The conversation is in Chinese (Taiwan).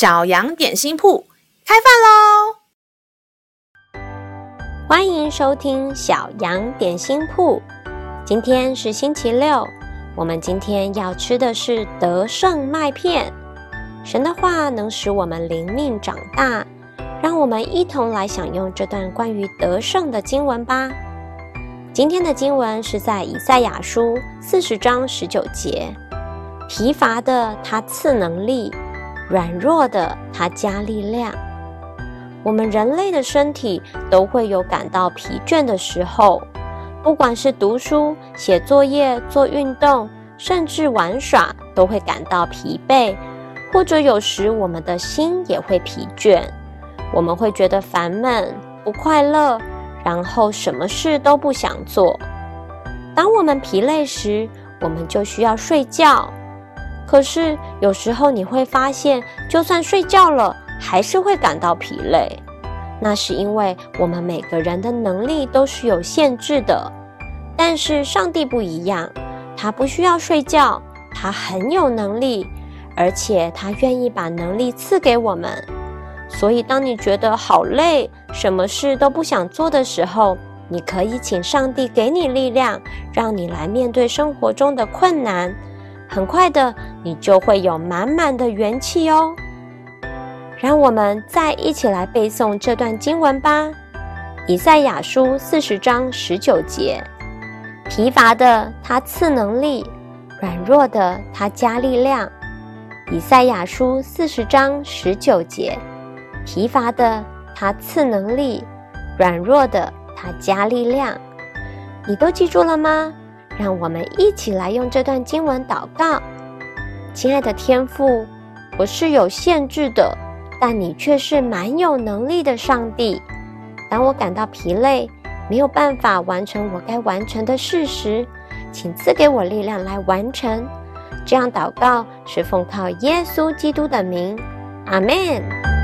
小羊點心鋪開飯嘍！歡迎收聽小羊點心鋪。今天是星期六，我們今天要吃的是德勝麥片。神的話能使我們靈命長大，讓我們一同來享用這段關於德勝的經文吧。今天的經文是在以賽亞書四十章十九節：“疲乏的，他賜能力。”軟弱的，他加力量。我們人類的身體都會有感到疲倦的時候，不管是讀書、寫作業、做運動，甚至玩耍，都會感到疲憊。或者有時我們的心也會疲倦，我們會覺得煩悶、不快樂，然後什麼事都不想做。當我們疲累時，我們就需要睡覺。可是有時候你會發現，就算睡覺了，還是會感到疲累。那是因為我們每個人的能力都是有限制的。但是上帝不一樣，他不需要睡覺，他很有能力，而且他願意把能力賜給我們。所以，當你覺得好累，什麼事都不想做的時候，你可以請上帝給你力量，讓你來面對生活中的困難。很快的，你就會有滿滿的元氣哦。讓我們再一起來背誦這段經文吧，《以賽亞書》四十章十九節：疲乏的他賜能力，軟弱的他加力量。《以賽亞書》四十章十九節：疲乏的他賜能力，軟弱的他加力量。你都記住了嗎？讓我們一起來用這段經文禱告：親愛的天父，我是有限制的，但你卻是滿有能力的上帝。當我感到疲累，沒有辦法完成我該完成的事時，請賜給我力量來完成。這樣禱告是奉靠耶穌基督的名，阿門。